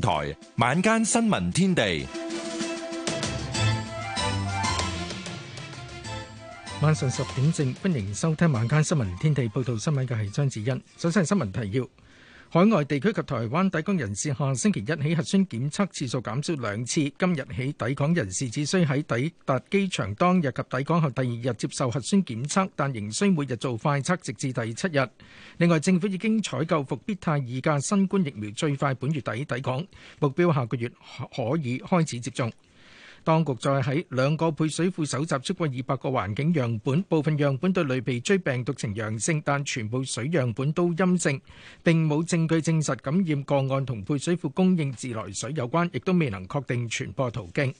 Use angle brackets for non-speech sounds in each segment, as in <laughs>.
台晚間新聞天地，晚上十點正，歡迎收聽晚間新聞天地報道新聞嘅係張子欣，首先係新聞提要。海外地區及台灣抵港人士下星期一起核酸檢測次數減少兩次，今日起抵港人士只需喺抵達機場當日及抵港後第二日接受核酸檢測，但仍需每日做快測直至第七日。另外，政府已經採購復必泰二價新冠疫苗，最快本月底抵港，目標下個月可以開始接種。當局再喺兩個配水庫蒐集超過二百個環境樣本，部分樣本對類鼻疽病毒呈陽性，但全部水樣本都陰性，並冇證據證實感染個案同配水庫供應自來水有關，亦都未能確定傳播途徑。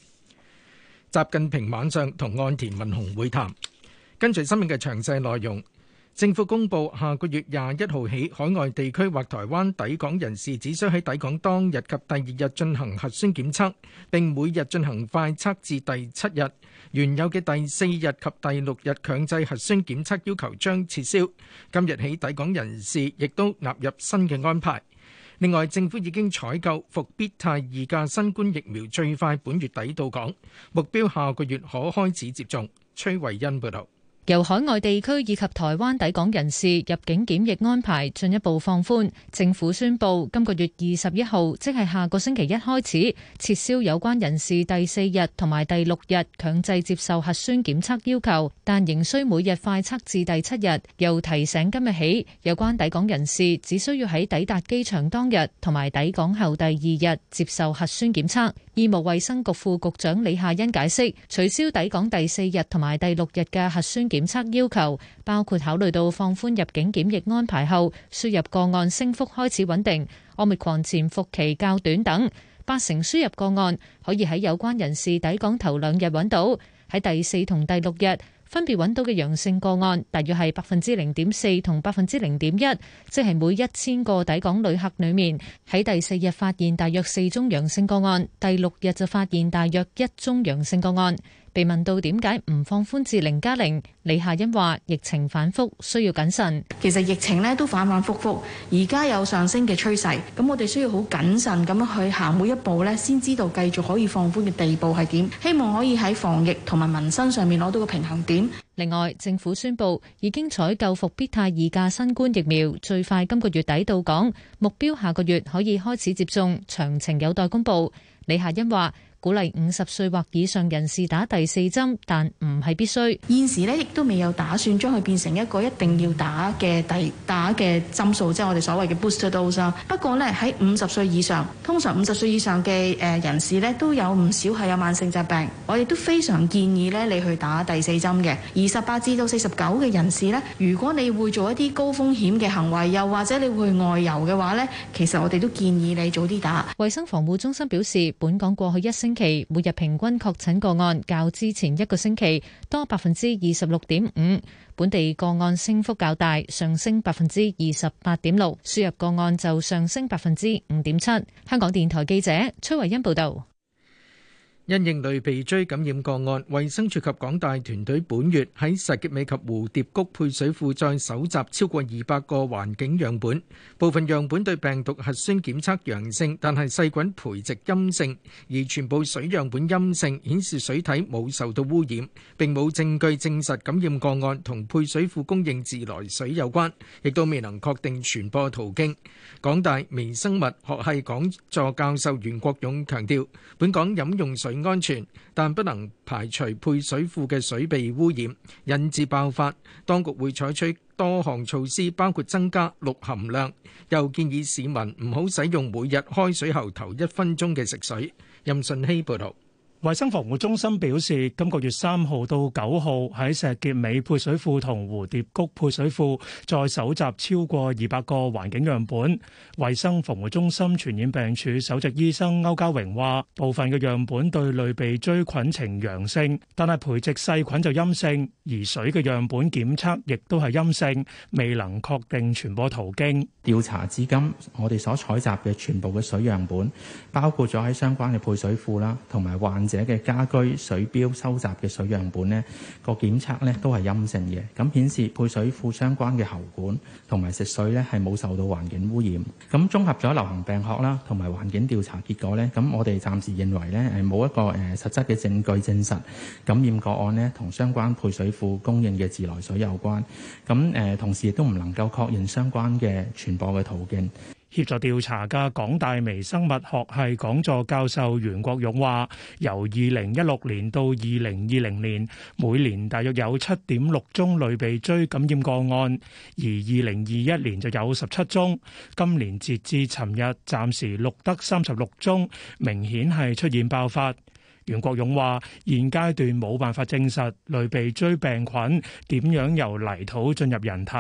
習近平晚上同岸田文雄會談，跟隨新聞嘅詳細內容。政府公布，下個月廿一號起，海外地區或台灣抵港人士只需喺抵港當日及第二日進行核酸檢測，並每日進行快測至第七日。原有嘅第四日及第六日強制核酸檢測要求將撤銷。今日起，抵港人士亦都納入新嘅安排。另外，政府已經採購復必泰二價新冠疫苗，最快本月底到港，目標下個月可開始接種。崔慧欣報道。由海外地區以及台灣抵港人士入境檢疫安排進一步放寬，政府宣布今個月二十一號，即係下個星期一開始，撤銷有關人士第四日同埋第六日強制接受核酸檢測要求，但仍需每日快測至第七日。又提醒今日起，有關抵港人士只需要喺抵達機場當日同埋抵港後第二日接受核酸檢測。醫務衛生局副局長李夏欣解釋，取消抵港第四日同埋第六日嘅核酸檢測要求，包括考慮到放寬入境檢疫安排後，輸入個案升幅開始穩定，奧密克戎潛伏期較短等，八成輸入個案可以喺有關人士抵港頭兩日揾到，喺第四同第六日。分別揾到嘅陽性個案，大約係百分之零點四同百分之零點一，即係每一千個抵港旅客裏面，喺第四日發現大約四宗陽性個案，第六日就發現大約一宗陽性個案。被問到點解唔放寬至零加零，0? 李夏欣話：疫情反覆，需要謹慎。其實疫情呢都反反覆覆，而家有上升嘅趨勢，咁我哋需要好謹慎咁樣去行每一步呢，先知道繼續可以放寬嘅地步係點。希望可以喺防疫同埋民生上面攞到個平衡點。另外，政府宣布已經採購復必泰二價新冠疫苗，最快今個月底到港，目標下個月可以開始接種，詳情有待公布。李夏欣話。鼓勵五十歲或以上人士打第四針，但唔係必須。現時咧亦都未有打算將佢變成一個一定要打嘅，第打嘅針數，即係我哋所謂嘅 booster dose。不過呢，喺五十歲以上，通常五十歲以上嘅誒人士呢，都有唔少係有慢性疾病。我哋都非常建議呢，你去打第四針嘅。二十八至到四十九嘅人士呢，如果你會做一啲高風險嘅行為又，又或者你會外遊嘅話呢，其實我哋都建議你早啲打。衛生防護中心表示，本港過去一星。星期每日平均確診個案較之前一個星期多百分之二十六點五，本地個案升幅較大，上升百分之二十八點六，輸入個案就上升百分之五點七。香港電台記者崔慧欣報道。因應類鼻疽感染個案，衛生署及港大團隊本月喺石硤尾及蝴蝶谷配水庫再蒐集超過二百個環境樣本，部分樣本對病毒核酸檢測陽性，但係細菌培植陰性，而全部水樣本陰性，顯示水體冇受到污染，並冇證據證實感染個案同配水庫供應自來水有關，亦都未能確定傳播途徑。港大微生物學系講座教授袁國勇強調，本港飲用水安全，但不能排除配水庫嘅水被污染，引致爆發。當局會採取多項措施，包括增加氯含量，又建議市民唔好使用每日開水喉頭一分鐘嘅食水。任順希報導。衛生防護中心表示，今個月三號到九號喺石硖尾配水庫同蝴蝶谷配水庫再搜集超過二百個環境樣本。衛生防護中心傳染病處首席醫生歐家榮話：部分嘅樣本對類鼻疽菌呈陽性，但係培植細菌就陰性，而水嘅樣本檢測亦都係陰性，未能確定傳播途徑。調查至今，我哋所採集嘅全部嘅水樣本，包括咗喺相關嘅配水庫啦，同埋患。者嘅家居水錶收集嘅水樣本，呢個檢測呢都係陰性嘅，咁顯示配水庫相關嘅喉管同埋食水呢係冇受到環境污染。咁綜合咗流行病學啦，同埋環境調查結果呢，咁我哋暫時認為呢係冇一個誒實質嘅證據證實感染個案呢同相關配水庫供應嘅自來水有關，咁誒同時亦都唔能夠確認相關嘅傳播嘅途徑。協助調查嘅港大微生物學系講座教授袁國勇話：由二零一六年到二零二零年，每年大約有七點六宗類鼻疽感染個案，而二零二一年就有十七宗。今年截至尋日，暫時錄得三十六宗，明顯係出現爆發。袁國勇話：，現階段冇辦法證實類鼻疽病菌點樣由泥土進入人體，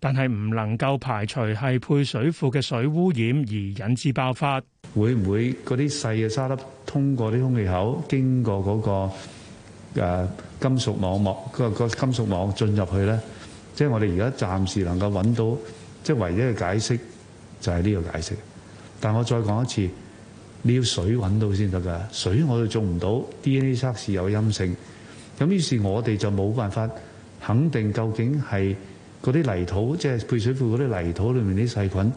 但係唔能夠排除係配水庫嘅水污染而引致爆發。會唔會嗰啲細嘅沙粒通過啲空氣口，經過嗰個誒金屬網膜，個個金屬網進入去咧？即係我哋而家暫時能夠揾到，即係唯一嘅解釋就係呢個解釋。但我再講一次。你要水揾到先得㗎，水我哋做唔到 DNA 測試有陰性，咁於是我哋就冇辦法肯定究竟係嗰啲泥土，即係配水庫嗰啲泥土裡面啲細菌。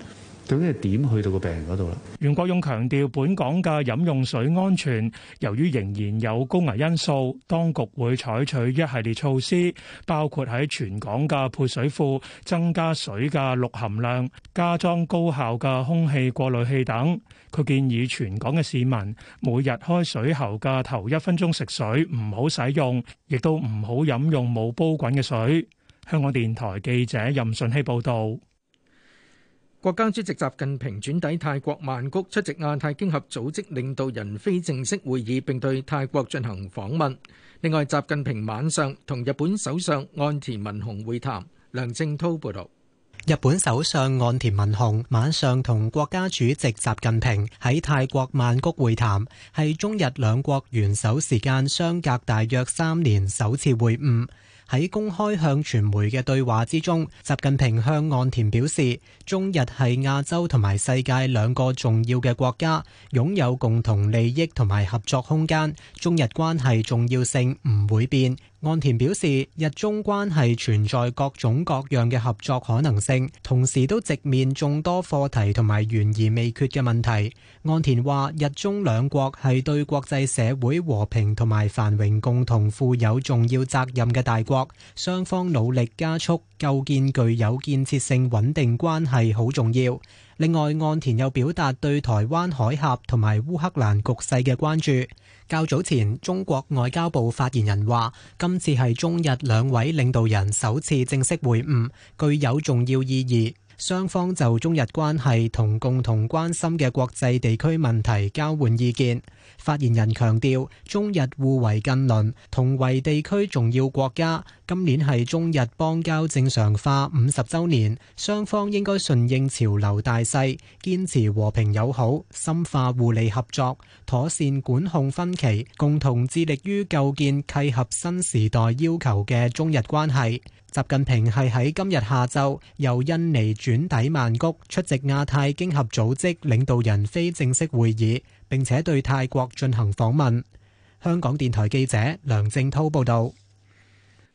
究竟係點去到個病人嗰度啦？袁國勇強調，本港嘅飲用水安全，由於仍然有高危因素，當局會採取一系列措施，包括喺全港嘅配水庫增加水嘅氯含量，加裝高效嘅空氣過濾器等。佢建議全港嘅市民每日開水喉嘅頭一分鐘食水，唔好使用，亦都唔好飲用冇煲滾嘅水。香港電台記者任順希報導。國家主席習近平轉抵泰國曼谷出席亞太經合組織領導人非正式會議，並對泰國進行訪問。另外，習近平晚上同日本首相岸田文雄會談。梁正濤報道，日本首相岸田文雄晚上同國家主席習近平喺泰國曼谷會談，係中日兩國元首時間相隔大約三年首次會晤。喺公開向傳媒嘅對話之中，習近平向岸田表示，中日係亞洲同埋世界兩個重要嘅國家，擁有共同利益同埋合作空間，中日關係重要性唔會變。岸田表示，日中關係存在各種各樣嘅合作可能性，同時都直面眾多課題同埋懸而未決嘅問題。岸田話，日中兩國係對國際社會和平同埋繁榮共同負有重要責任嘅大國，雙方努力加速構建具有建設性穩定關係好重要。另外，岸田又表達對台灣海峽同埋烏克蘭局勢嘅關注。較早前，中國外交部發言人話：今次係中日兩位領導人首次正式會晤，具有重要意義。雙方就中日關係同共同關心嘅國際地區問題交換意見。發言人強調，中日互為近鄰，同為地區重要國家。今年係中日邦交正常化五十周年，雙方應該順應潮流大勢，堅持和平友好，深化互利合作，妥善管控分歧，共同致力於構建契合新時代要求嘅中日關係。習近平係喺今日下晝由印尼轉抵曼谷，出席亞太經合組織領導人非正式會議，並且對泰國進行訪問。香港電台記者梁正滔報導。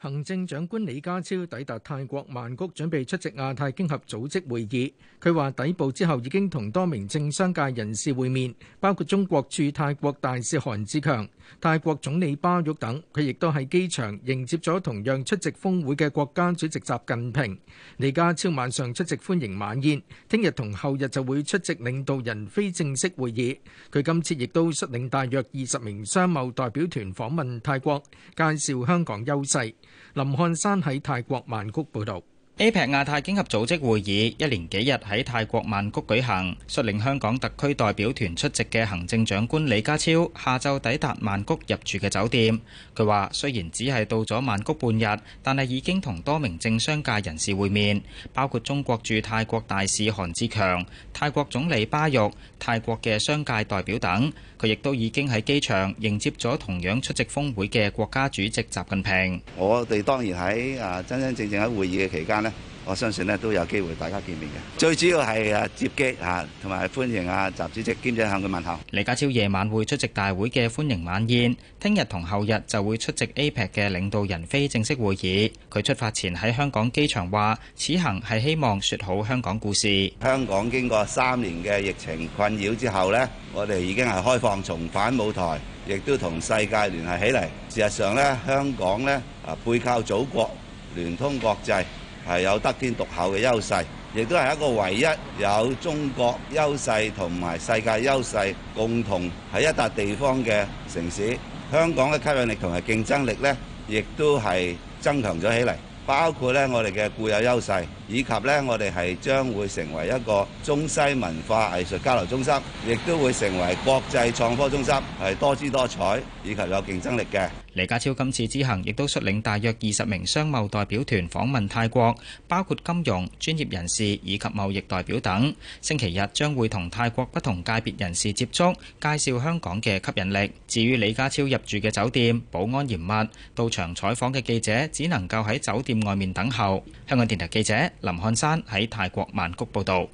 行政長官李家超抵達泰國曼谷，準備出席亞太經合組織會議。佢話抵步之後已經同多名政商界人士會面，包括中國駐泰國大使韓志強、泰國總理巴育等。佢亦都喺機場迎接咗同樣出席峰會嘅國家主席習近平。李家超晚上出席歡迎晚宴，聽日同後日就會出席領導人非正式會議。佢今次亦都率領大約二十名商貿代表團訪問泰國，介紹香港優勢。林漢山喺泰國曼谷報道，APEC 亞太經合組織會議一連幾日喺泰國曼谷舉行，率領香港特區代表團出席嘅行政長官李家超下晝抵達曼谷入住嘅酒店。佢話雖然只係到咗曼谷半日，但係已經同多名政商界人士會面，包括中國駐泰國大使韓志強、泰國總理巴育、泰國嘅商界代表等。佢亦都已經喺機場迎接咗同樣出席峰會嘅國家主席習近平。我哋當然喺啊真真正正喺會議嘅期間呢。我相信咧都有機會大家見面嘅。最主要係啊接機啊，同埋歡迎啊習主席，兼且向佢問候。李家超夜晚會出席大會嘅歡迎晚宴，聽日同後日就會出席 APEC 嘅領導人非正式會議。佢出發前喺香港機場話：此行係希望說好香港故事。香港經過三年嘅疫情困擾之後咧，我哋已經係開放重返舞台，亦都同世界聯繫起嚟。事實上咧，香港咧啊，背靠祖國，聯通國際。係有得天獨厚嘅優勢，亦都係一個唯一有中國優勢同埋世界優勢共同喺一笪地方嘅城市。香港嘅吸引力同埋競爭力呢，亦都係增強咗起嚟，包括呢我哋嘅固有優勢。以及呢，我哋係將會成為一個中西文化藝術交流中心，亦都會成為國際創科中心，係多姿多彩以及有競爭力嘅。李家超今次之行亦都率領大約二十名商貿代表團訪問泰國，包括金融專業人士以及貿易代表等。星期日將會同泰國不同界別人士接觸，介紹香港嘅吸引力。至於李家超入住嘅酒店，保安嚴密，到場採訪嘅記者只能夠喺酒店外面等候。香港電台記者。林漢山喺泰國曼谷報道，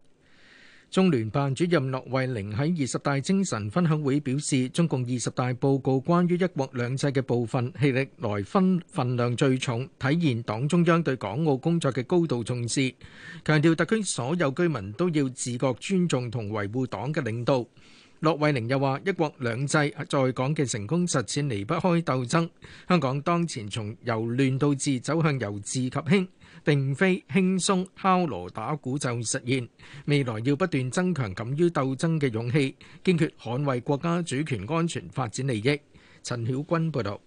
中聯辦主任駱惠寧喺二十大精神分享會表示，中共二十大報告關於一國兩制嘅部分氣力來分份量最重，體現黨中央對港澳工作嘅高度重視。強調特區所有居民都要自覺尊重同維護黨嘅領導。駱惠寧又話：一國兩制在港嘅成功實踐，離不開鬥爭。香港當前從由亂到治走向由治及興。並非輕鬆敲鑼打鼓就實現，未來要不斷增強敢於鬥爭嘅勇氣，堅決捍衛國家主權安全發展利益。陳曉君報導。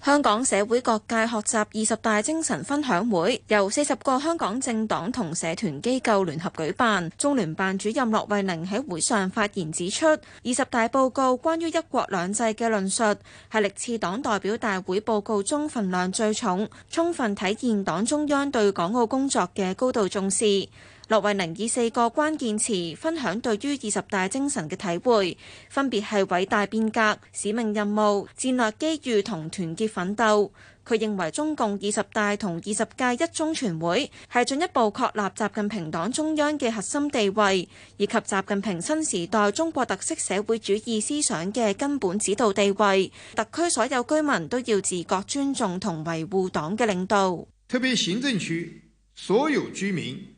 香港社會各界學習二十大精神分享會，由四十個香港政黨同社團機構聯合舉辦。中聯辦主任駱惠寧喺會上發言指出，二十大報告關於一國兩制嘅論述係歷次黨代表大會報告中份量最重，充分體現黨中央對港澳工作嘅高度重視。駱惠寧以四個關鍵詞分享對於二十大精神嘅體會，分別係偉大變革、使命任務、戰略機遇同團結奮鬥。佢認為中共二十大同二十屆一中全會係進一步確立習近平黨中央嘅核心地位，以及習近平新時代中國特色社會主義思想嘅根本指導地位。特區所有居民都要自覺尊重同維護黨嘅領導，特別行政區所有居民。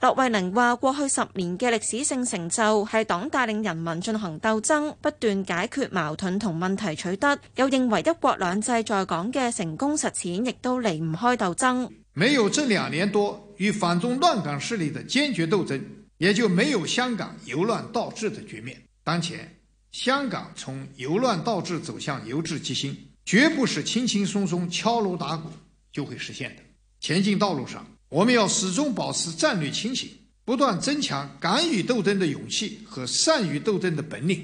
駱惠寧話：過去十年嘅歷史性成就係黨帶領人民進行鬥爭，不斷解決矛盾同問題取得。又認為一國兩制在港嘅成功實踐亦都離唔開鬥爭。沒有這兩年多與反中亂港勢力嘅堅決鬥爭，也就沒有香港由亂到治的局面。當前香港從由亂到治走向由治及興，絕不是輕輕松鬆敲鑼打鼓就會實現的。前進道路上，我們要始終保持戰略清醒，不斷增強敢於鬥爭的勇氣和善於鬥爭的本領。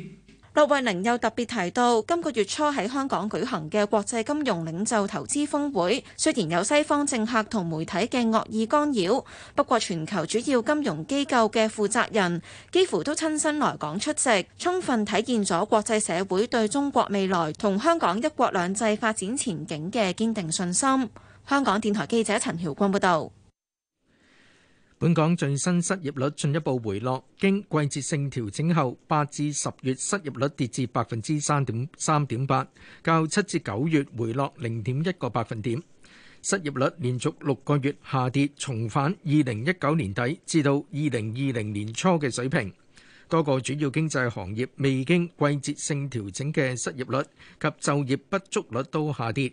陸慧玲又特別提到，今個月初喺香港舉行嘅國際金融領袖投資峰會，雖然有西方政客同媒體嘅惡意干擾，不過全球主要金融機構嘅負責人幾乎都親身來港出席，充分體現咗國際社會對中國未來同香港一國兩制發展前景嘅堅定信心。香港電台記者陳曉君報道。本港最新失業率進一步回落，經季節性調整後，八至十月失業率跌至百分之三點三點八，較七至九月回落零點一個百分點。失業率連續六個月下跌，重返二零一九年底至到二零二零年初嘅水平。多個主要經濟行業未經季節性調整嘅失業率及就業不足率都下跌。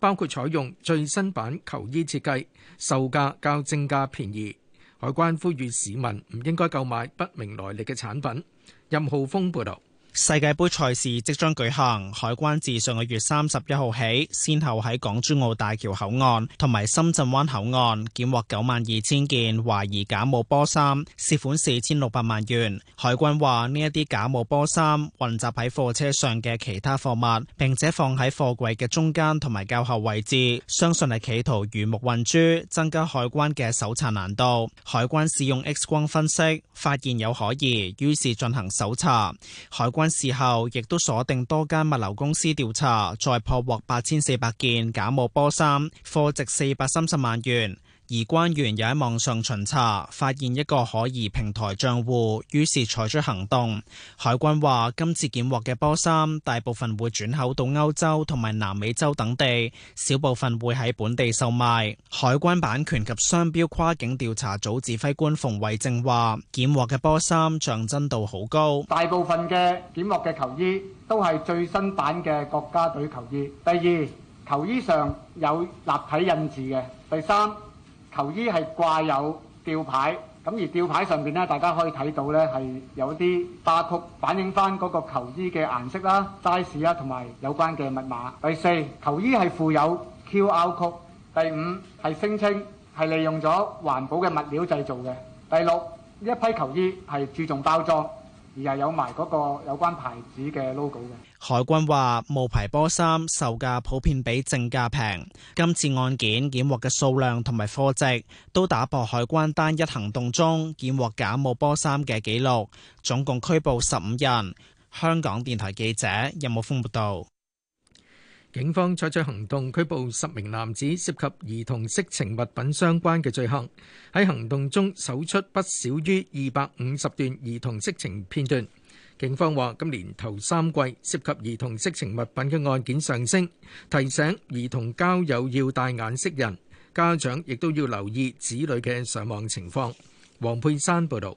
包括採用最新版球衣設計，售價較正價便宜。海關呼籲市民唔應該購買不明來歷嘅產品。任浩峰報導。世界杯賽事即將舉行，海關自上個月三十一號起，先後喺港珠澳大橋口岸同埋深圳灣口岸檢獲九萬二千件懷疑假冒波衫，涉款四千六百萬元。海關話呢一啲假冒波衫混雜喺貨車上嘅其他貨物，並且放喺貨櫃嘅中間同埋較後位置，相信係企圖魚目混珠，增加海關嘅搜查難度。海關試用 X 光分析，發現有可疑，於是進行搜查。海關。事後，亦都鎖定多間物流公司調查，再破獲八千四百件假冒波衫，貨值四百三十萬元。而關員又喺網上巡查，發現一個可疑平台賬戶，於是採取行動。海關話：今次檢獲嘅波衫大部分會轉口到歐洲同埋南美洲等地，小部分會喺本地售賣。海關版權及商標跨境調查組指揮官馮惠正話：檢獲嘅波衫象真度好高，大部分嘅檢獲嘅球衣都係最新版嘅國家隊球衣。第二球衣上有立體印字嘅。第三球衣係掛有吊牌，咁而吊牌上面咧，大家可以睇到咧係有啲 bar code 反映翻嗰個球衣嘅顏色啦、size 啦，同埋有關嘅密碼。第四球衣係附有 QR code。第五係聲稱係利用咗環保嘅物料製造嘅。第六一批球衣係注重包裝，而係有埋嗰個有關牌子嘅 logo 嘅。海關話冒牌波衫售價普遍比正價平，今次案件檢獲嘅數量同埋貨值都打破海關單一行動中檢獲假冒波衫嘅紀錄，總共拘捕十五人。香港電台記者任武峰報道。有有警方採取行動拘捕十名男子，涉及兒童色情物品相關嘅罪行。喺行動中搜出不少於二百五十段兒童色情片段。警方話：今年頭三季涉及兒童色情物品嘅案件上升，提醒兒童交友要帶眼識人，家長亦都要留意子女嘅上網情況。黃佩珊報導。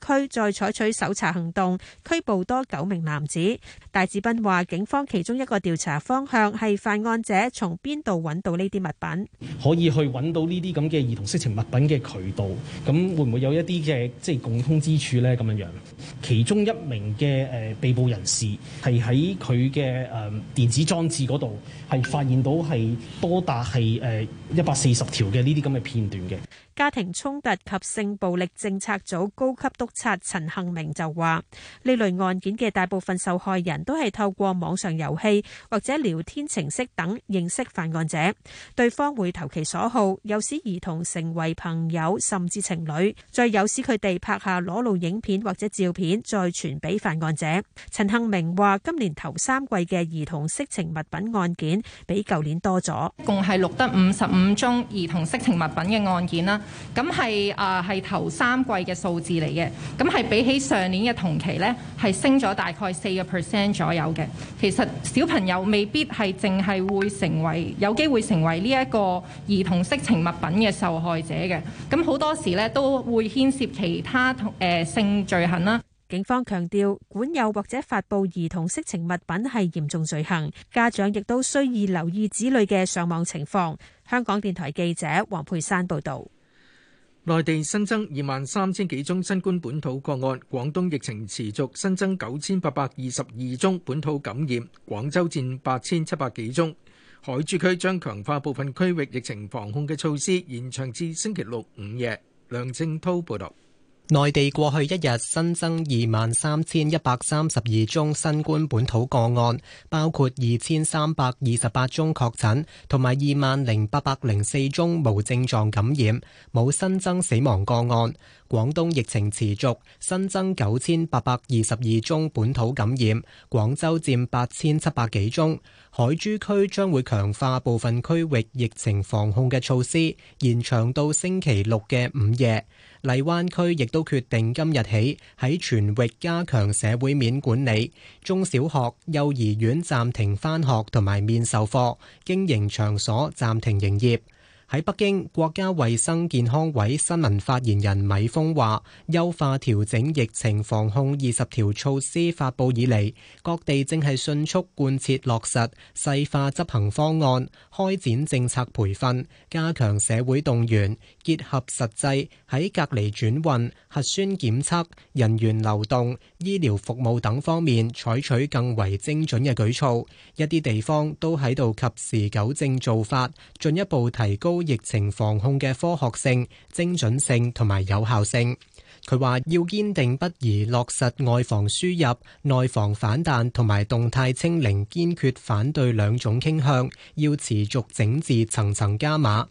區再採取搜查行動，拘捕多九名男子。戴志斌話，警方其中一個調查方向係犯案者從邊度揾到呢啲物品，可以去揾到呢啲咁嘅兒童色情物品嘅渠道。咁會唔會有一啲嘅即係共通之處呢？咁樣樣，其中一名嘅誒被捕人士係喺佢嘅誒電子裝置嗰度係發現到係多達係誒一百四十條嘅呢啲咁嘅片段嘅。家庭衝突及性暴力政策組高級督察陳幸明就話：呢類案件嘅大部分受害人都係透過網上遊戲或者聊天程式等認識犯案者，對方會投其所好，誘使兒童成為朋友甚至情侶，再誘使佢哋拍下裸露影片或者照片再傳俾犯案者。陳幸明話：今年頭三季嘅兒童色情物品案件比舊年多咗，共係錄得五十五宗兒童色情物品嘅案件啦。咁係啊，係頭三季嘅數字嚟嘅。咁係比起上年嘅同期呢，係升咗大概四個 percent 左右嘅。其實小朋友未必係淨係會成為有機會成為呢一個兒童色情物品嘅受害者嘅。咁好多時呢，都會牽涉其他同誒性罪行啦。警方強調，管有或者發布兒童色情物品係嚴重罪行。家長亦都需要留意子女嘅上網情況。香港電台記者黃佩珊報道。內地新增二萬三千幾宗新冠本土個案，廣東疫情持續，新增九千八百二十二宗本土感染，廣州佔八千七百幾宗。海珠區將強化部分區域疫情防控嘅措施，延長至星期六午夜。梁正滔報道。內地過去一日新增二萬三千一百三十二宗新冠本土個案，包括二千三百二十八宗確診，同埋二萬零八百零四宗無症狀感染，冇新增死亡個案。廣東疫情持續，新增九千八百二十二宗本土感染，廣州佔八千七百幾宗。海珠區將會強化部分區域疫情防控嘅措施，延長到星期六嘅午夜。荔灣區亦都決定今日起，喺全域加強社會面管理，中小學、幼兒園暫停返學同埋面授課，經營場所暫停營業。喺北京，國家衛生健康委新聞發言人米峰話，優化調整疫情防控二十條措施發佈以嚟，各地正係迅速貫徹落實細化執行方案，開展政策培訓，加強社會動員，結合實際，喺隔離轉運、核酸檢測、人員流動、醫療服務等方面採取更為精準嘅舉措。一啲地方都喺度及時糾正做法，進一步提高。疫情防控嘅科學性、精準性同埋有效性，佢話要堅定不移落實外防輸入、內防反彈同埋動態清零，堅決反對兩種傾向，要持續整治層層加碼。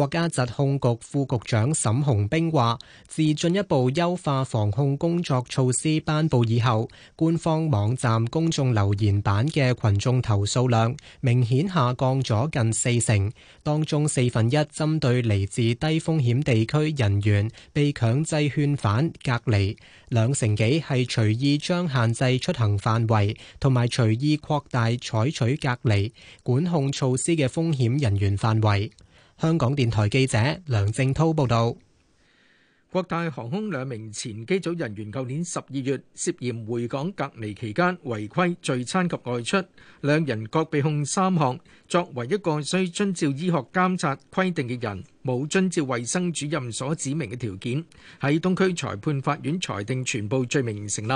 國家疾控局副局長沈洪兵話，自進一步優化防控工作措施頒布以後，官方網站公眾留言板嘅群眾投訴量明顯下降咗近四成，當中四分一針對嚟自低風險地區人員被強制勸返隔離，兩成幾係隨意將限制出行範圍同埋隨意擴大採取隔離管控措施嘅風險人員範圍。香港電台記者梁正濤報道，國泰航空兩名前機組人員，舊年十二月涉嫌回港隔離期間違規聚餐及外出，兩人各被控三項。作為一個需遵照醫學監察規定嘅人，冇遵照衛生主任所指明嘅條件，喺東區裁判法院裁定全部罪名成立，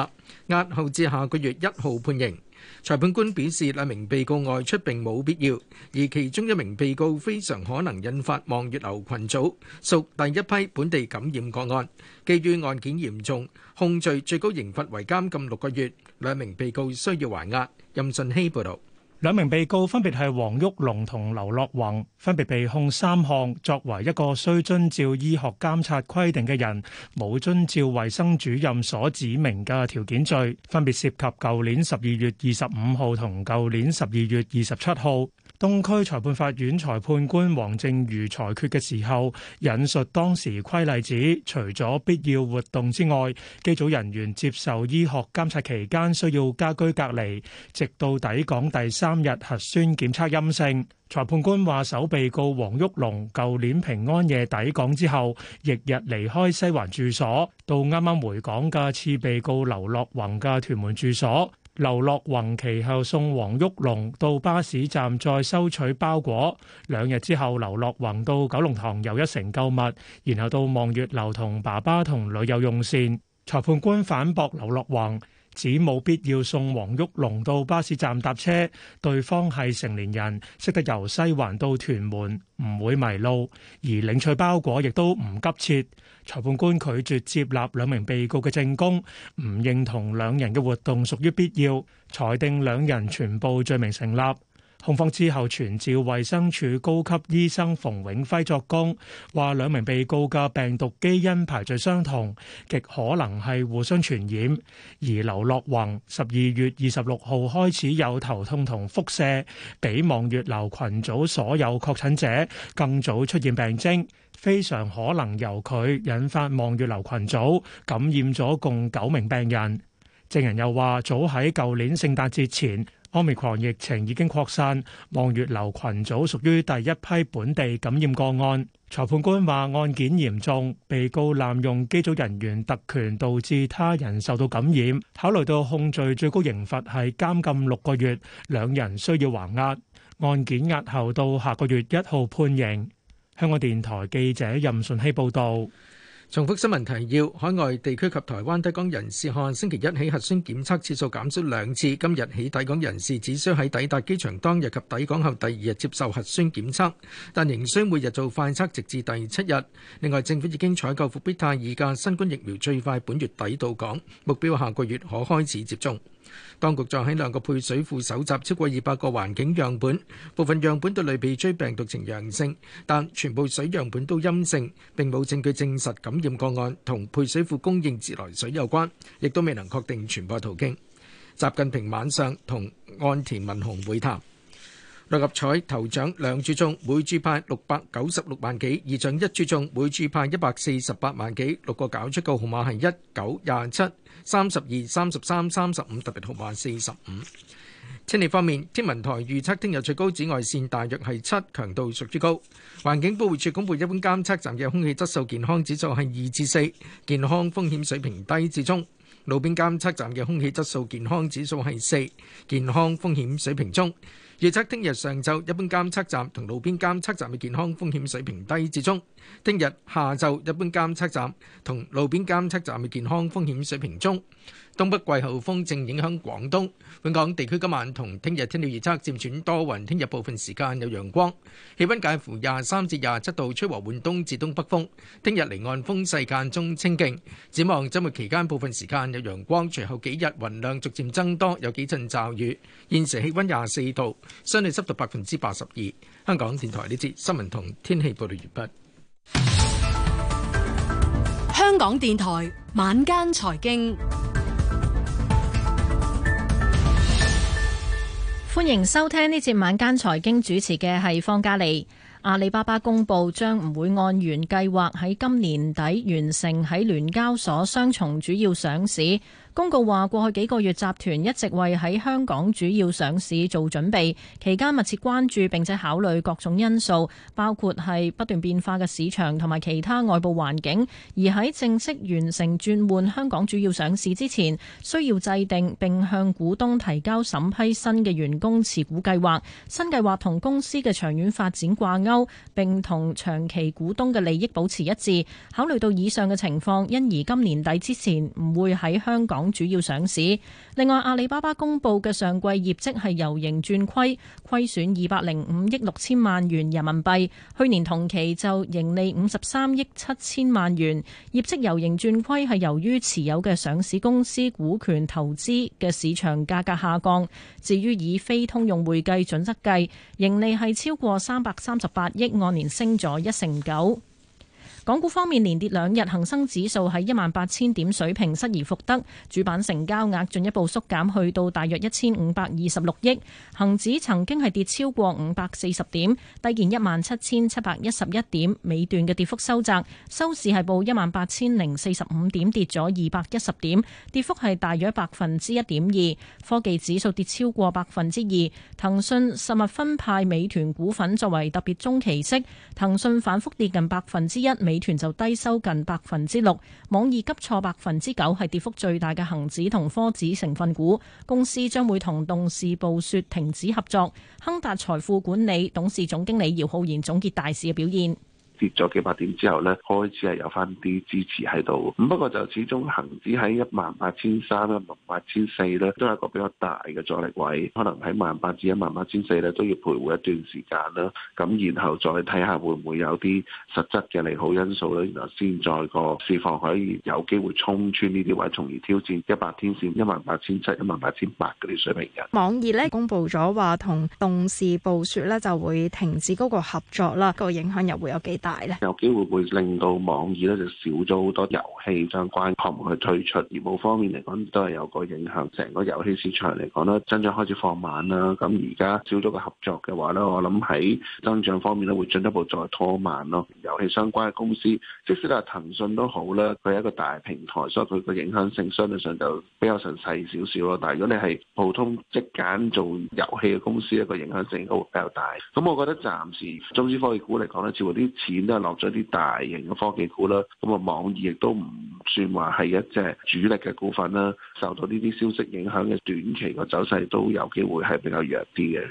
押後至下個月一號判刑。裁判官表示，兩名被告外出并冇必要，而其中一名被告非常可能引發望月樓群組，屬第一批本地感染個案。基於案件嚴重，控罪最高刑罰為監禁六個月，兩名被告需要還押。任信希報道。兩名被告分別係黃旭龍同劉樂宏，分別被控三項作為一個需遵照醫學監察規定嘅人，冇遵照衛生主任所指明嘅條件罪，分別涉及舊年十二月二十五號同舊年十二月二十七號。東區裁判法院裁判官黃正如裁決嘅時候，引述當時規例指，除咗必要活動之外，機組人員接受醫學監察期間需要家居隔離，直到抵港第三日核酸檢測陰性。裁判官話，首被告黃玉龍舊年平安夜抵港之後，翌日離開西環住所，到啱啱回港嘅次被告劉樂宏嘅屯門住所。劉樂宏其後送黃毓龍到巴士站，再收取包裹。兩日之後，劉樂宏到九龍塘又一城購物，然後到望月樓同爸爸同女友用膳。裁判官反駁劉樂宏。指冇必要送黃玉龍到巴士站搭車，對方係成年人，識得由西環到屯門，唔會迷路，而領取包裹亦都唔急切。裁判官拒絕接納兩名被告嘅證供，唔認同兩人嘅活動屬於必要，裁定兩人全部罪名成立。控方之後傳召衛生署高級醫生馮永輝作供，話兩名被告嘅病毒基因排序相同，極可能係互相傳染。而劉樂宏十二月二十六號開始有頭痛同腹瀉，比望月樓群組所有確診者更早出現病徵，非常可能由佢引發望月樓群組感染咗共九名病人。證人又話，早喺舊年聖誕節前，Omicron 疫情已經擴散，望月樓群組屬於第一批本地感染個案。裁判官話案件嚴重，被告濫用機組人員特權，導致他人受到感染。考慮到控罪最高刑罰係監禁六個月，兩人需要還押，案件押後到下個月一號判刑。香港電台記者任順希報導。重複新聞提要：海外地區及台灣抵港人士，看星期一起核酸檢測次數減少兩次。今日起抵港人士只需喺抵達機場當日及抵港後第二日接受核酸檢測，但仍需每日做快測直至第七日。另外，政府已經採購復必泰二價新冠疫苗，最快本月底到港，目標下個月可開始接種。當局在喺兩個配水庫搜集超過二百個環境樣本，部分樣本對類鼻疽病毒呈陽性，但全部水樣本都陰性，並冇證據證實感染個案同配水庫供應自來水有關，亦都未能確定傳播途徑。習近平晚上同岸田文雄會談。六合彩頭獎兩注中，每注派六百九十六萬幾；二獎一注中，每注派一百四十八萬幾。六個攪出嘅號碼係一九廿七三十二三十三三十五，特別號碼四十五。天氣方面，天文台預測聽日最高紫外線大約係七，強度屬於高。環境保護署公布一般監測站嘅空氣質素健康指數係二至四，健康風險水平低至中；路邊監測站嘅空氣質素健康指數係四，健康風險水平中。預測聽日上晝，一般監測站同路邊監測站嘅健康風險水平低至中。聽日下晝，一般監測站同路邊監測站嘅健康風險水平中。東北季候風正影響廣東本港地區，今晚同聽日天氣預測漸轉多雲，聽日部分時間有陽光，氣温介乎廿三至廿七度，吹和緩東至東北風。聽日離岸風勢間中清勁，展望周末期間部分時間有陽光，隨後幾日雲量逐漸增多，有幾陣驟雨。現時氣温廿四度，相對濕度百分之八十二。香港電台呢節新聞同天氣報道完畢。香港電台晚間財經，歡迎收聽呢節晚間財經，主持嘅係方嘉利。阿里巴巴公布將唔會按原計劃喺今年底完成喺聯交所雙重主要上市。公告話過去幾個月集團一直為喺香港主要上市做準備，期間密切關注並且考慮各種因素，包括係不斷變化嘅市場同埋其他外部環境。而喺正式完成轉換香港主要上市之前，需要制定並向股東提交審批新嘅員工持股計劃。新計劃同公司嘅長遠發展掛鈎。並同長期股東嘅利益保持一致。考慮到以上嘅情況，因而今年底之前唔會喺香港主要上市。另外，阿里巴巴公佈嘅上季業績係由盈轉虧，虧損二百零五億六千萬元人民幣。去年同期就盈利五十三億七千萬元。業績由盈轉虧係由於持有嘅上市公司股權投資嘅市場價格下降。至於以非通用會計準則計，盈利係超過三百三十八，八億按年升咗一成九。港股方面連跌兩日，恒生指數喺一萬八千點水平失而復得，主板成交額進一步縮減，去到大約一千五百二十六億。恒指曾經係跌超過五百四十點，低見一萬七千七百一十一點，尾段嘅跌幅收窄，收市係報一萬八千零四十五點，跌咗二百一十點，跌幅係大約百分之一點二。科技指數跌超過百分之二，騰訊實物分派美團股份作為特別中期息，騰訊反覆跌近百分之一。美美團就低收近百分之六，網易急挫百分之九，係跌幅最大嘅恒指同科指成分股。公司將會同動視暴雪停止合作。亨達財富管理董事總經理姚浩然總結大市嘅表現。跌咗幾百點之後咧，開始係有翻啲支持喺度。咁不過就始終恆指喺一萬八千三、一萬八千四咧，都係一個比較大嘅阻力位。可能喺萬八至一萬八千四咧，都要徘徊一段時間啦。咁然後再睇下會唔會有啲實質嘅利好因素咧，然後先再個市況可以有機會衝穿呢啲位，從而挑戰一百天線、一萬八千七、一萬八千八嗰啲水平嘅。網易咧，公布咗話同動視暴雪咧，就會停止嗰個合作啦。個影響又會有幾大？有機會會令到網易咧就少咗好多遊戲相關項目去推出，業務方面嚟講都係有個影響。成個遊戲市場嚟講咧，增長開始放慢啦。咁而家少咗個合作嘅話咧，我諗喺增長方面咧會進一步再拖慢咯。遊戲相關嘅公司，即使話騰訊都好啦，佢係一個大平台，所以佢個影響性相對上就比較上細少少咯。但係如果你係普通即揀做遊戲嘅公司，一個影響性都會比較大。咁我覺得暫時中資科技股嚟講咧，似乎啲都係落咗啲大型嘅科技股啦，咁啊網易亦都唔算話係一隻主力嘅股份啦，受到呢啲消息影響嘅短期嘅走勢都有機會係比較弱啲嘅。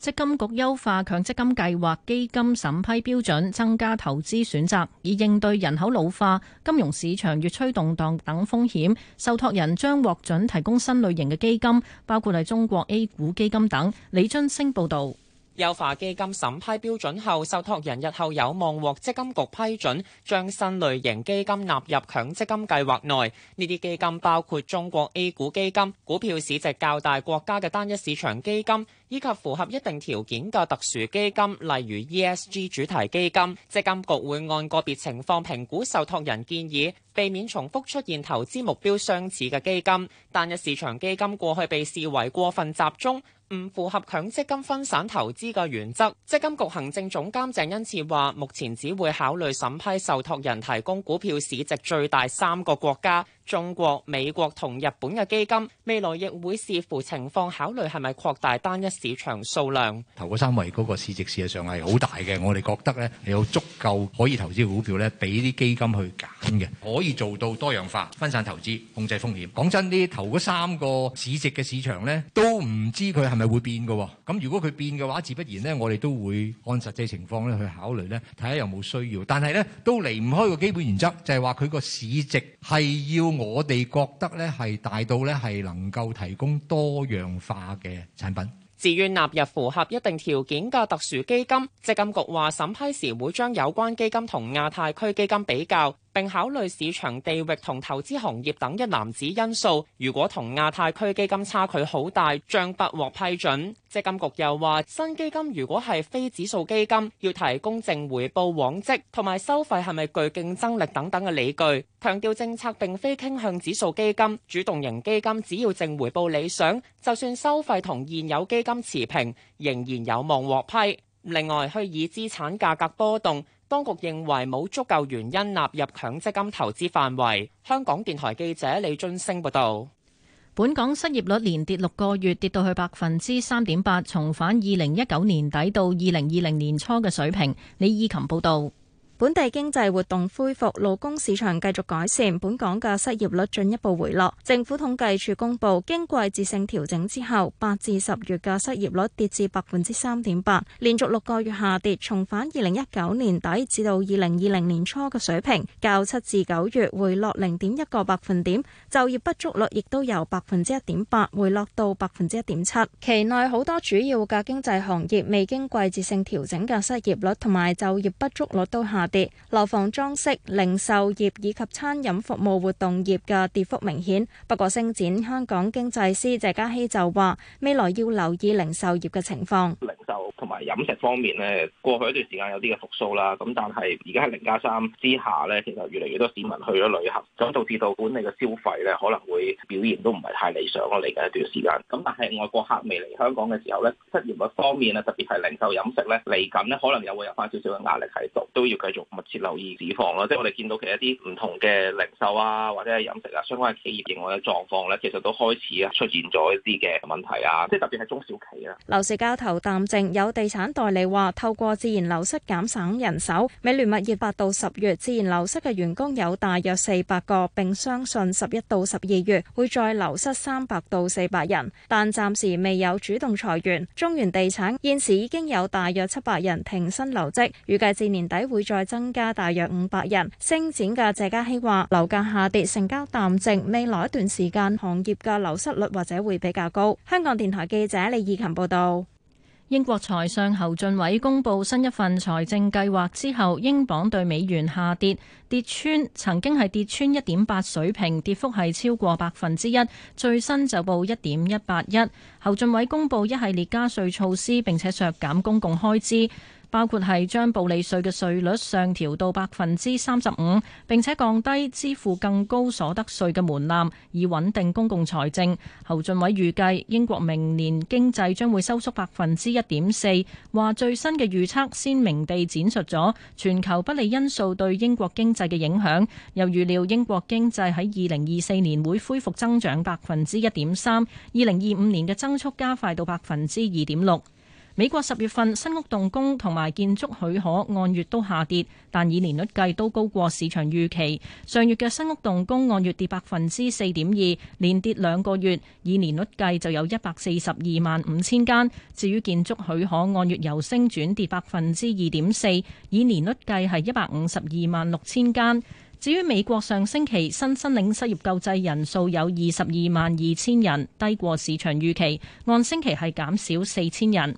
積金局優化強積金計劃基金審批標準，增加投資選擇，以應對人口老化、金融市場越趨動盪等風險，受託人將獲准提供新類型嘅基金，包括係中國 A 股基金等。李津升報道。優化基金審批標準後，受託人日後有望獲積金局批准，將新類型基金納入強積金計劃內。呢啲基金包括中國 A 股基金、股票市值較大國家嘅單一市場基金。以及符合一定條件嘅特殊基金，例如 ESG 主題基金，積金局會按個別情況評估受託人建議，避免重複出現投資目標相似嘅基金。單一市場基金過去被視為過分集中，唔符合強積金分散投資嘅原則。積金局行政總監鄭恩賜話，目前只會考慮審批受託人提供股票市值最大三個國家。中國、美國同日本嘅基金，未來亦會視乎情況考慮係咪擴大單一市場數量。頭三位嗰個市值事實上係好大嘅，我哋覺得呢，係有足夠可以投資股票呢，俾啲基金去揀嘅，可以做到多元化分散投資，控制風險。講真，啲頭嗰三個市值嘅市場呢，都唔知佢係咪會變嘅。咁如果佢變嘅話，自不然呢，我哋都會按實際情況咧去考慮呢，睇下有冇需要。但係呢，都離唔開個基本原則，就係話佢個市值係要。我哋覺得咧係大到咧係能夠提供多樣化嘅產品。自願納入符合一定條件嘅特殊基金，積金局話審批時會將有關基金同亞太區基金比較。並考慮市場地域同投資行業等一籃子因素。如果同亞太區基金差距好大，將不獲批准。積金局又話，新基金如果係非指數基金，要提供正回報往績，同埋收費係咪具競爭力等等嘅理據。強調政策並非傾向指數基金，主動型基金只要正回報理想，就算收費同現有基金持平，仍然有望獲批。另外，虛擬資產價格波動。當局認為冇足夠原因納入強積金投資範圍。香港電台記者李津升報道，本港失業率連跌六個月，跌到去百分之三點八，重返二零一九年底到二零二零年初嘅水平。李義琴報道。本地經濟活動恢復，勞工市場繼續改善，本港嘅失業率進一步回落。政府統計處公布，經季節性調整之後，八至十月嘅失業率跌至百分之三點八，連續六個月下跌，重返二零一九年底至到二零二零年初嘅水平，較七至九月回落零點一個百分點。就業不足率亦都由百分之一點八回落到百分之一點七，期內好多主要嘅經濟行業未經季節性調整嘅失業率同埋就業不足率都下跌。跌，樓房裝飾零售業，以及餐飲服務活動業嘅跌幅明顯。不過星展香港經濟師謝嘉熙就話，未來要留意零售業嘅情況。零售同埋飲食方面呢，過去一段時間有啲嘅復甦啦，咁但係而家喺零加三之下呢，其實越嚟越多市民去咗旅行，咁導致到管理嘅消費呢可能會表現都唔係太理想咯。嚟緊一段時間，咁但係外國客未嚟香港嘅時候呢，失業方面呢，特別係零售飲食呢，嚟緊呢可能又會有翻少少嘅壓力喺度，都要繼續。密切留意指房咯，即係我哋見到其實一啲唔同嘅零售啊，或者係飲食啊，相關企業認業嘅狀況咧，其實都開始啊出現咗一啲嘅問題啊，即係特別係中小企啊。樓市交投淡靜有地產代理話透過自然流失減省人手。美聯物業八到十月自然流失嘅員工有大約四百個，並相信十一到十二月會再流失三百到四百人，但暫時未有主動裁員。中原地產現時已經有大約七百人停薪留職，預計至年底會再。增加大約五百人星展嘅謝嘉希話：樓價下跌、成交淡靜，未來一段時間行業嘅流失率或者會比較高。香港電台記者李義琴報道。英國財相侯俊偉公布新一份財政計劃之後，英鎊兌美元下跌，跌穿曾經係跌穿一點八水平，跌幅係超過百分之一，最新就報一點一八一。侯俊偉公布一系列加稅措施，並且削減公共開支。包括係將暴利稅嘅稅率上調到百分之三十五，並且降低支付更高所得稅嘅門檻，以穩定公共財政。侯俊偉預計英國明年經濟將會收縮百分之一點四，話最新嘅預測鮮明地展述咗全球不利因素對英國經濟嘅影響，又預料英國經濟喺二零二四年會恢復增長百分之一點三，二零二五年嘅增速加快到百分之二點六。美國十月份新屋動工同埋建築許可按月都下跌，但以年率計都高過市場預期。上月嘅新屋動工按月跌百分之四點二，連跌兩個月，以年率計就有一百四十二萬五千間。至於建築許可按月由升轉跌百分之二點四，以年率計係一百五十二萬六千間。至於美國上星期新申領失業救濟人數有二十二萬二千人，低過市場預期，按星期係減少四千人。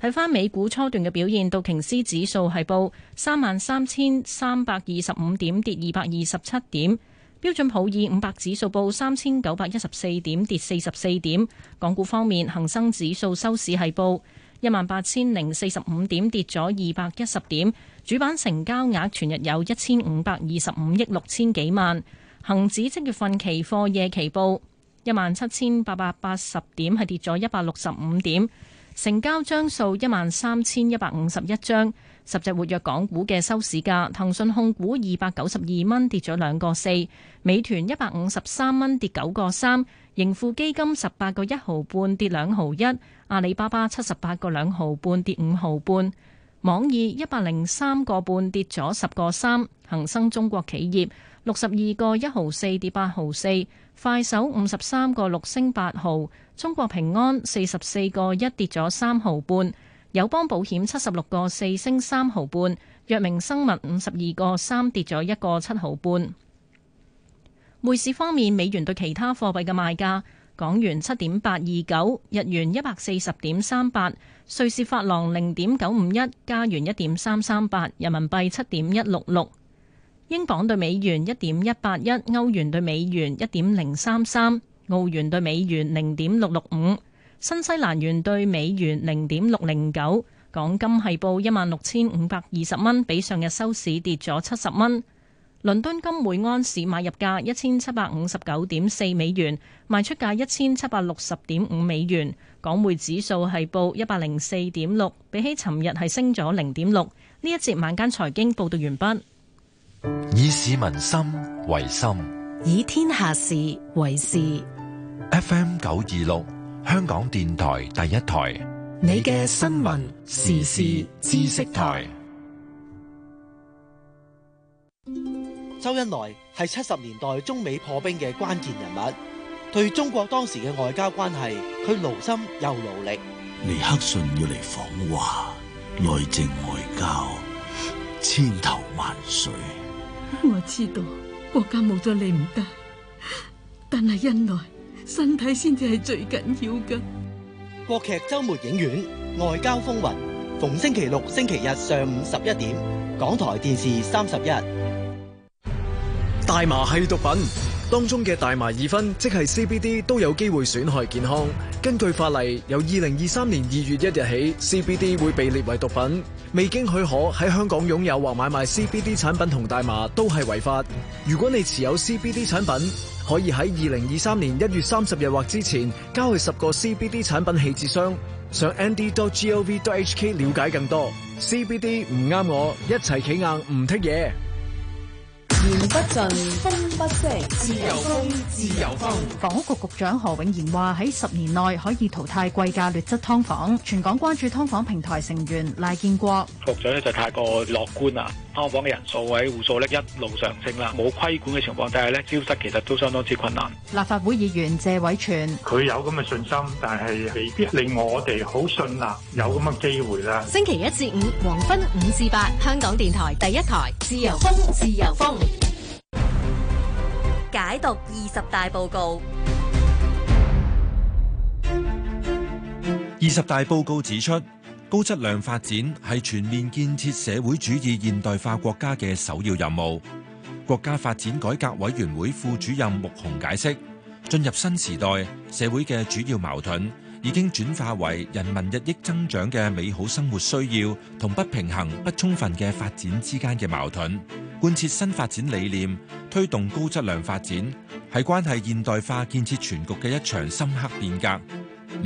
睇翻美股初段嘅表現，道瓊斯指數係報三萬三千三百二十五點，跌二百二十七點；標準普爾五百指數報三千九百一十四點，跌四十四點。港股方面，恒生指數收市係報一萬八千零四十五點，跌咗二百一十點。主板成交額全日有一千五百二十五億六千幾萬。恒指即月份期貨夜期報一萬七千八百八十點，係跌咗一百六十五點。成交張數一萬三千一百五十一張，十隻活躍港股嘅收市價，騰訊控股二百九十二蚊跌咗兩個四，美團一百五十三蚊跌九個三，盈富基金十八個一毫半跌兩毫一，阿里巴巴七十八個兩毫半跌五毫半。網易一百零三個半跌咗十個三，恒生中國企業六十二個一毫四跌八毫四，快手五十三個六升八毫，中國平安四十四個一跌咗三毫半，友邦保險七十六個四升三毫半，藥明生物五十二個三跌咗一個七毫半。匯市方面，美元對其他貨幣嘅賣價。港元七點八二九，日元一百四十點三八，瑞士法郎零點九五一，加元一點三三八，人民幣七點一六六，英鎊對美元一點一八一，歐元對美元一點零三三，澳元對美元零點六六五，新西蘭元對美元零點六零九。港金係報一萬六千五百二十蚊，比上日收市跌咗七十蚊。倫敦金每盎司買入價一千七百五十九點四美元，賣出價一千七百六十點五美元。港匯指數係報一百零四點六，比起尋日係升咗零點六。呢一節晚間財經報道完畢。以市民心為心，以天下事為事。F.M. 九二六，香港電台第一台，你嘅新聞時事知識台。周恩來係七十年代中美破冰嘅關鍵人物，對中國當時嘅外交關係，佢勞心又勞力。尼克遜要嚟訪華，內政外交，千頭萬緒。我知道國家冇咗你唔得，但係恩來身體先至係最緊要㗎。國劇周末影院《外交風雲》，逢星期六、星期日上午十一點，港台電視三十一。大麻係毒品，當中嘅大麻二酚即係 CBD 都有機會損害健康。根據法例，由二零二三年二月一日起，CBD 會被列為毒品。未經許可喺香港擁有或買賣 CBD 產品同大麻都係違法。如果你持有 CBD 產品，可以喺二零二三年一月三十日或之前交去十個 CBD 產品棄置箱。上 nd.gov.hk 了解更多。CBD 唔啱我，一齊企硬唔剔嘢。言不盡，風不息，自由風，自由風。房屋局局長何永賢話：喺十年內可以淘汰貴價劣質劏房。全港關注劏房平台成員賴建國，局長咧就太過樂觀啦。劏房嘅人數喺戶數呢一路上升啦，冇規管嘅情況，但係咧招租其實都相當之困難。立法會議員謝偉銓，佢有咁嘅信心，但係未必令我哋好信啦，有咁嘅機會啦。星期一至五黃昏五至八，香港電台第一台，自由風，自由風。解讀二十大報告。二十大報告指出，高質量發展係全面建設社會主義現代化國家嘅首要任務。國家發展改革委員會副主任穆虹解釋，進入新時代，社會嘅主要矛盾，已經轉化為人民日益增長嘅美好生活需要同不平衡不充分嘅發展之間嘅矛盾。貫徹新發展理念，推動高質量發展，係關係現代化建設全局嘅一場深刻變革。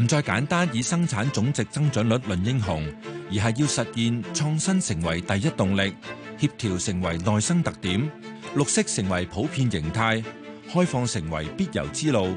唔再簡單以生產總值增長率論英雄，而係要實現創新成為第一動力，協調成為內生特點，綠色成為普遍形態，開放成為必由之路。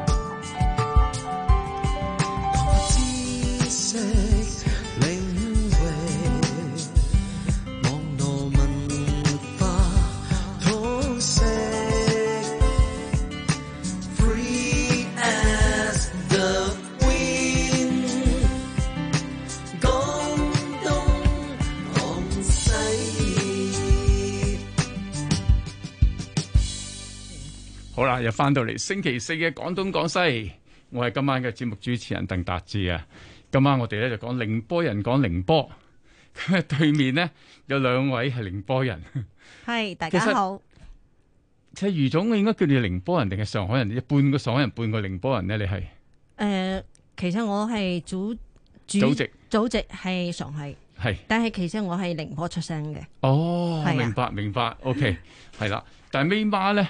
又翻到嚟星期四嘅廣東廣西，我係今晚嘅節目主持人鄧達志啊。今晚我哋咧就講寧波人講寧波，咁 <laughs> 啊對面呢，有兩位係寧波人。係，大家好。其實余總，我應該叫你寧波人定係上海人？一半個上海人，半個寧波人呢？你係？誒、呃，其實我係席祖祖籍祖籍係上海係，是但係其實我係寧波出生嘅。哦，啊、明白明白。OK，係啦， <laughs> 但係尾巴咧。